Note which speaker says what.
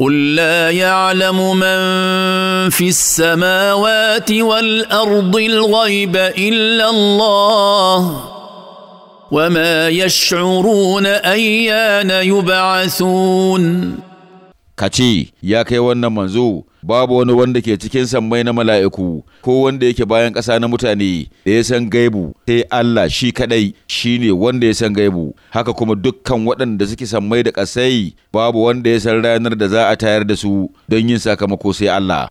Speaker 1: قل لا يعلم من في السماوات والارض الغيب الا الله وما يشعرون ايان يبعثون
Speaker 2: ka ce, Ya kai wannan manzo, babu wani wanda ke cikin sammai na mala'iku, ko wanda yake bayan ƙasa na mutane, da ya san gaibu, sai Allah shi kaɗai shi ne wanda ya san gaibu, haka kuma dukkan waɗanda suke sammai da ƙasai, babu wanda ya san ranar da za a tayar da su don yin sakamako sai Allah.